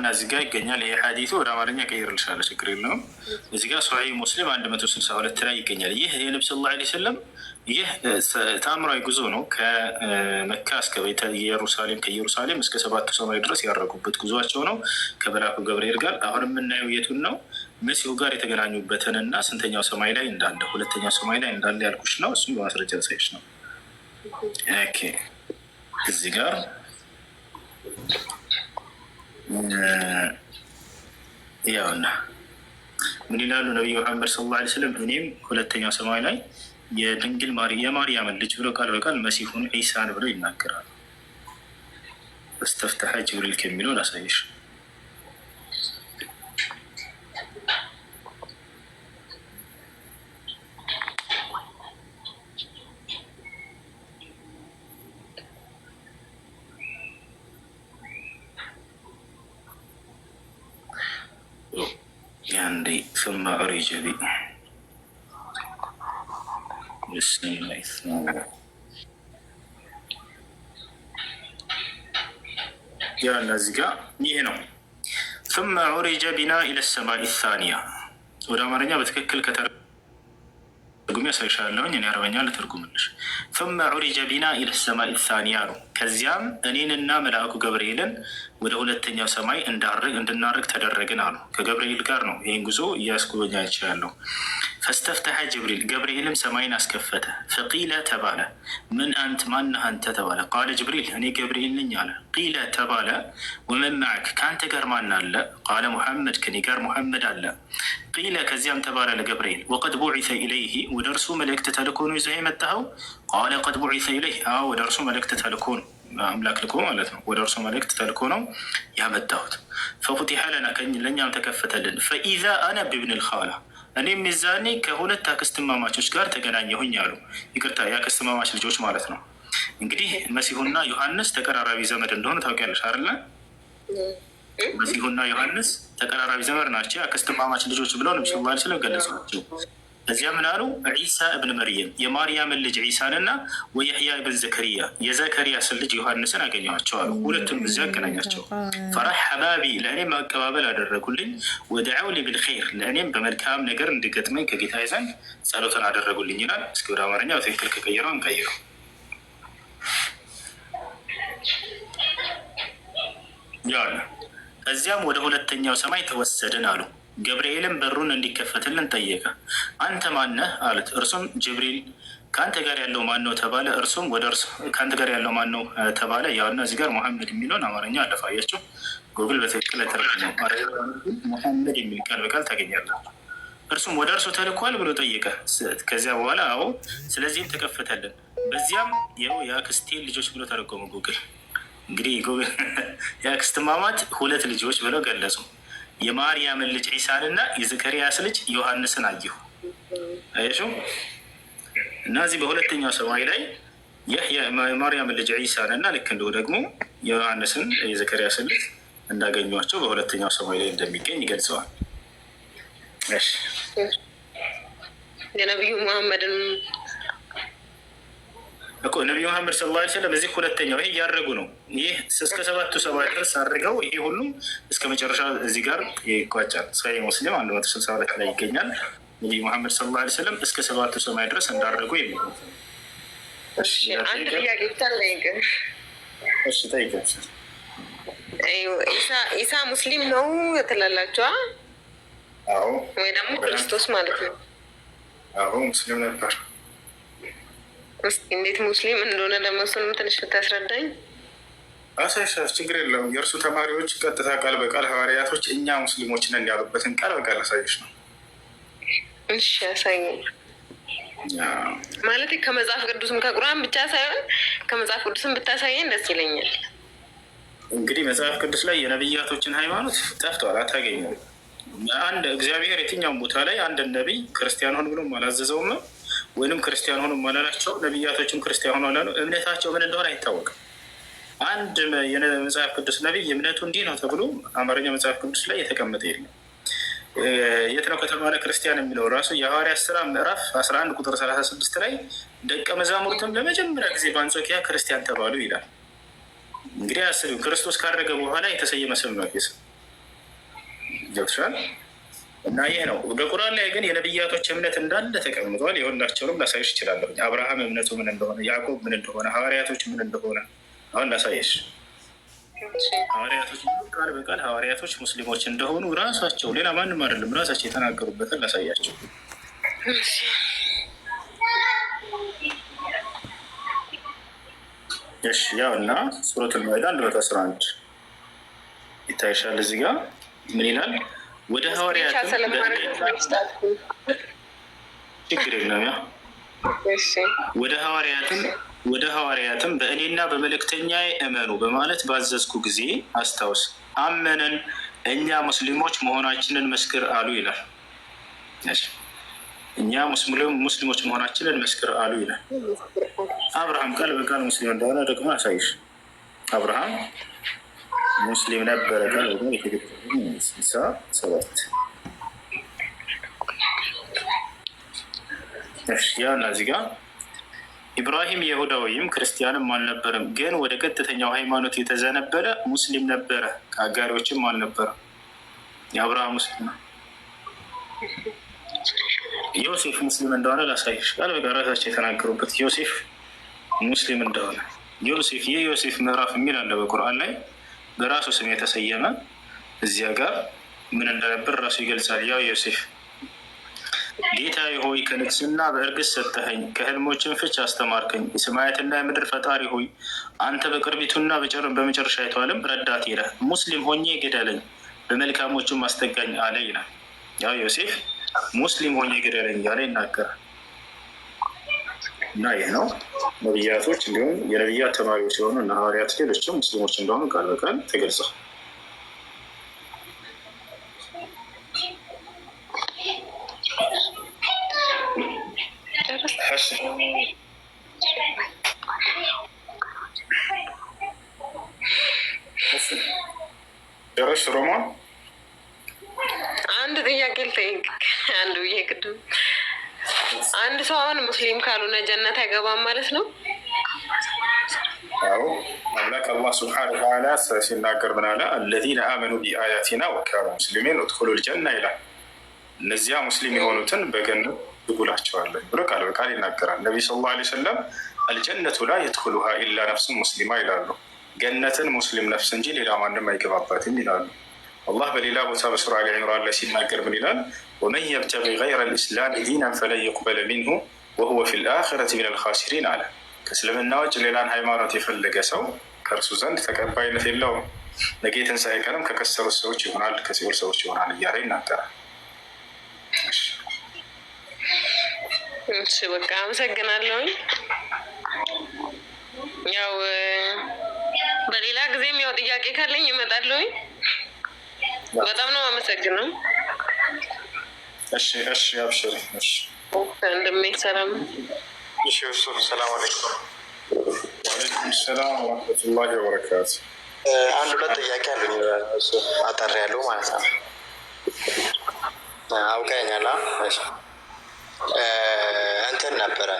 እና እዚህ ጋር ይገኛል። ይህ ሀዲቱ ወደ አማርኛ ቀይርልሻለሁ፣ ችግር የለውም። እዚህ ጋር ሶሒህ ሙስሊም አንድ መቶ ስልሳ ሁለት ላይ ይገኛል። ይህ የነብዩ ሰለላሁ ዐለይሂ ስለም ይህ ተአምራዊ ጉዞ ነው። ከመካ እስከ ቤተ ኢየሩሳሌም፣ ከኢየሩሳሌም እስከ ሰባቱ ሰማይ ድረስ ያረጉበት ጉዞቸው ነው ከመልአኩ ገብርኤል ጋር። አሁን የምናየው የቱን ነው? መሲሁ ጋር የተገናኙበትን እና ስንተኛው ሰማይ ላይ እንዳለ፣ ሁለተኛው ሰማይ ላይ እንዳለ ያልኩሽ ነው። እሱም በማስረጃ ሳይሽ ነው እዚህ ጋር ያውና ምን ይላሉ ነቢዩ መሐመድ ስለ ላ ስለም እኔም ሁለተኛው ሰማይ ላይ የድንግል የማርያምን ልጅ ብሎ ቃል በቃል መሲሁን ዒሳን ብሎ ይናገራሉ። እስተፍተሐ ጅብሪል ከሚለውን ላሳይሽ ثم عرج بي وسن إثمه ያለ እዚህ ጋር ثم عرج بنا إلى السماء الثانية ወደ አማርኛ በትክክል ትርጉም ያሳይሻለሁኝ። እኔ አረበኛ ልተርጉምልሽ። ثم ዑሪጀ ቢና الى السماء الثانية ነው። ከዚያም እኔንና መልአኩ ገብርኤልን ወደ ሁለተኛው ሰማይ እንድናርግ ተደረግን አሉ። ከገብርኤል ጋር ነው ይህን ጉዞ እያስጎበኛ ይችላለሁ። ፈስተፍተሐ ጅብሪል ገብርኤልም ሰማይን አስከፈተ። ፈቂለ ተባለ ምን አንት ማነህ አንተ ተባለ። ቃለ ጅብሪል እኔ ገብርኤል ነኝ አለ። ቂለ ተባለ ወመን መዐክ ከአንተ ጋር ማን አለ? ቃለ ሙሐመድ ከኔ ጋር ሙሐመድ አለ። ቂለ ከዚያም ተባለ ለገብርኤል ወቀድ ቡዒሰ ኢለይህ ወደ እርሱ መልእክት ተልኮ ነው ይዘህ የመጣኸው? ቃለ ቀድ ቡዒሰ ኢለይህ አዎ ወደ እርሱ መልእክት ተልኮ አምላክ ልኮ ማለት ነው። ወደ እርሱ መልእክት ተልኮ ነው ያመጣሁት። ፈፉቲሐ ለና ለእኛም ተከፈተልን። ፈኢዛ አነ ብብን ልኻላ እኔም የዛኔ ከሁለት አክስትማማቾች ጋር ተገናኘሁኝ አሉ። ይቅርታ የአክስትማማች ልጆች ማለት ነው። እንግዲህ መሲሁና ዮሐንስ ተቀራራቢ ዘመድ እንደሆነ ታውቂያለሽ አይደለ? መሲሁና ዮሐንስ ተቀራራቢ ዘመድ ናቸው። አክስትማማች ልጆች ብለው ነቢ ስላ ስለም ገለጹ ናቸው። እዚያ ምን አሉ? ዒሳ እብን መርየም የማርያምን ልጅ ዒሳንና ወየሕያ እብን ዘከርያ የዘከሪያስን ልጅ ዮሐንስን አገኘኋቸው አሉ። ሁለቱም እዚያ አገናኛቸው። ፈራሕ ሐባቢ ለእኔም አቀባበል አደረጉልኝ። ወደዐውሊ ብልኸይር ለእኔም በመልካም ነገር እንድገጥመኝ ከጌታ ዘንድ ጸሎትን አደረጉልኝ ይላል። እስኪ ወደ አማርኛ በትክክል ከቀየረው እንቀይረው። ያ ከዚያም ወደ ሁለተኛው ሰማይ ተወሰድን አሉ ገብርኤልም በሩን እንዲከፈትልን ጠየቀ። አንተ ማነህ አለት። እርሱም ጅብሪል ከአንተ ጋር ያለው ማን ነው ተባለ። እርሱም ወደ እርሱ ከአንተ ጋር ያለው ማን ነው ተባለ። ያውና እዚህ ጋር መሐመድ የሚለውን አማርኛ አለፋያቸው ጉግል በትክክል ተረጉመው መሐመድ የሚል ቃል በቃል ታገኛለህ። እርሱም ወደ እርሱ ተልኳል ብሎ ጠየቀ። ከዚያ በኋላ አዎ፣ ስለዚህም ተከፈተልን። በዚያም ያው የአክስቴን ልጆች ብሎ ተረጎመ ጉግል። እንግዲህ የአክስትማማት ሁለት ልጆች ብለው ገለጹ። የማርያምን ልጅ ዒሳን ና የዘከርያስ ልጅ ዮሐንስን አየሁ። አየሹ እና እዚህ በሁለተኛው ሰማይ ላይ የማርያምን ልጅ ዒሳን እና ልክ እንዲሁ ደግሞ የዮሐንስን የዘከርያስ ልጅ እንዳገኟቸው በሁለተኛው ሰማይ ላይ እንደሚገኝ ይገልጸዋል። የነቢዩ መሐመድን ነቢዩ መሐመድ ስለ ላ ስለም እዚህ ሁለተኛው ይሄ እያደረጉ ነው። ይህ እስከ ሰባቱ ሰባ ድረስ አድርገው ይሄ ሁሉም እስከ መጨረሻ እዚህ ጋር ይቋጫል። ሳይ ሙስሊም አንድ መቶ ስልሳ ሁለት ላይ ይገኛል። ነቢዩ መሐመድ ስለ ላ ስለም እስከ ሰባቱ ሰማይ ድረስ እንዳደረጉ የሚ አንድ ጥያቄ ግን ኢሳ ሙስሊም ነው ትላላችኋ? ወይ ደግሞ ክርስቶስ ማለት ነው? አዎ ሙስሊም ነበር። እንዴት ሙስሊም እንደሆነ ለመስሉ ትንሽ ብታስረዳኝ። አሳይሻሽ ችግር የለውም። የእርሱ ተማሪዎች ቀጥታ ቃል በቃል ሐዋርያቶች እኛ ሙስሊሞች ነን ያሉበትን ቃል በቃል አሳዮች ነው። እሺ ያሳየ ማለት ከመጽሐፍ ቅዱስም ከቁርአን ብቻ ሳይሆን ከመጽሐፍ ቅዱስም ብታሳየን ደስ ይለኛል። እንግዲህ መጽሐፍ ቅዱስ ላይ የነብያቶችን ሃይማኖት ጠፍቷል፣ አታገኘውም። አንድ እግዚአብሔር የትኛውም ቦታ ላይ አንድ ነቢይ ክርስቲያን ሆን ብሎም አላዘዘውም ነው ወይንም ክርስቲያን ሆኖ አላላቸው። ነቢያቶችም ክርስቲያን ሆኖ አላሉ። እምነታቸው ምን እንደሆነ አይታወቅም። አንድ መጽሐፍ ቅዱስ ነቢይ እምነቱ እንዲህ ነው ተብሎ አማርኛ መጽሐፍ ቅዱስ ላይ የተቀመጠ የለም። የት ነው ከተባለ ክርስቲያን የሚለው ራሱ የሐዋርያት ስራ ምዕራፍ 11 ቁጥር 36 ላይ ደቀ መዛሙርትም ለመጀመሪያ ጊዜ በአንጾኪያ ክርስቲያን ተባሉ ይላል። እንግዲህ አስቢው ክርስቶስ ካረገ በኋላ የተሰየመ ስም ነው ጌስ እና ይህ ነው። በቁርአን ላይ ግን የነብያቶች እምነት እንዳለ ተቀምጧል። የሁላቸውንም ላሳይሽ ይችላለሁ። አብርሃም እምነቱ ምን እንደሆነ፣ ያዕቆብ ምን እንደሆነ፣ ሐዋርያቶች ምን እንደሆነ አሁን ላሳይሽ። ሐዋርያቶች ቃል በቃል ሐዋርያቶች ሙስሊሞች እንደሆኑ ራሳቸው ሌላ ማንም አይደለም ራሳቸው የተናገሩበትን ላሳያቸው። እሺ ያው እና ሱረቱል ማኢዳ አንድ መቶ አስራ አንድ ይታይሻል። እዚህ ጋር ምን ይላል? ወደ ሐዋርያት ችግር የለም ያ ወደ ሐዋርያትም ወደ ሐዋርያትም በእኔና በመልእክተኛዬ እመኑ በማለት ባዘዝኩ ጊዜ አስታውስ፣ አመንን እኛ ሙስሊሞች መሆናችንን መስክር አሉ ይላል። እኛ ሙስሊሞች መሆናችንን መስክር አሉ ይላል። አብርሃም ቃል በቃል ሙስሊም እንደሆነ ደግሞ አሳይሽ አብርሃም ሙስሊም ነበረ ስልሳ ሰባት ያ እና እዚህ ጋር ኢብራሂም ይሁዳዊም ክርስቲያንም አልነበረም፣ ግን ወደ ቀጥተኛው ሃይማኖት የተዘነበለ ሙስሊም ነበረ፣ ከአጋሪዎችም አልነበረም። የአብርሃም ሙስሊም ነው። ዮሴፍ ሙስሊም እንደሆነ ላሳይሽ ቃል በቃል ራሳቸው የተናገሩበት ዮሴፍ ሙስሊም እንደሆነ ዮሴፍ የዮሴፍ ምዕራፍ የሚል አለ በቁርአን ላይ በራሱ ስም የተሰየመ እዚያ ጋር ምን እንደነበር ራሱ ይገልጻል። ያው ዮሴፍ ጌታ ሆይ ከንግስና በእርግስ ሰጠኸኝ፣ ከህልሞችን ፍች አስተማርከኝ። የሰማያትና የምድር ፈጣሪ ሆይ አንተ በቅርቢቱና በመጨረሻ የተዋለም ረዳት ይለ ሙስሊም ሆኜ ግደለኝ፣ በመልካሞቹም አስጠጋኝ አለ ይላል። ያው ዮሴፍ ሙስሊም ሆኜ ግደለኝ እያለ ይናገራል። እና ይህ ነው ነቢያቶች እንዲሁም የነቢያት ተማሪዎች የሆኑ እና ሐዋርያት ሌሎችም ሙስሊሞች እንደሆኑ ቃል በቃል ተገልጿል። ሮማን አንድ ጥያቄ ልጠይቅ አንዱ ይሄ አንድ ሰው አሁን ሙስሊም ካልሆነ ጀነት አይገባም ማለት ነው? አዎ አምላክ አላህ ስብሐነ ወተዓላ ሲናገር ምን አለ? አለዚነ አመኑ ቢአያቲና ወካኑ ሙስሊሚን ኡድኹሉል ልጀና ይላል። እነዚያ ሙስሊም የሆኑትን በገነት ትጉላቸዋለን ብሎ ቃል በቃል ይናገራል። ነቢ ሰለላሁ ላ ሰለም አልጀነቱ ላ የትኩሉሃ ኢላ ነፍሱን ሙስሊማ ይላሉ። ገነትን ሙስሊም ነፍስ እንጂ ሌላ ማንም አይገባባትም ይላሉ። አላህ በሌላ ቦታ በሱራ አሊ ዒምራን ላይ ሲናገር ምን ይላል? ወመን የብተቂ ገይረ ልእስላም ዲናን ፈለን የቁበለ ሚንሁ ወሁወ ፊ ልአኸረት ሚን አልኻሲሪን አለ። ከእስልምና ውጭ ሌላን ሃይማኖት የፈለገ ሰው ከእርሱ ዘንድ ተቀባይነት የለውም፣ ነገ የትንሣኤ ቀንም ከከሰሩት ሰዎች ይሆናል፣ ከሲኦል ሰዎች ይሆናል እያለ ይናገራል። እሺ በቃ አመሰግናለሁኝ። ያው በሌላ ጊዜም ያው ጥያቄ ካለኝ ይመጣለሁኝ። በጣም ነው አመሰግነው። እሺ፣ እሺ፣ ወንድሜ ሰላም። እሺ፣ ሰላም አለይኩም። ወአለይኩም ሰላም ወረህመቱላሂ ወበረካቱ። አንድ ሁለት ጥያቄ አሉኝ፣ አጠር ያሉ ማለት ነው። አውቀኛላ እንትን ነበረ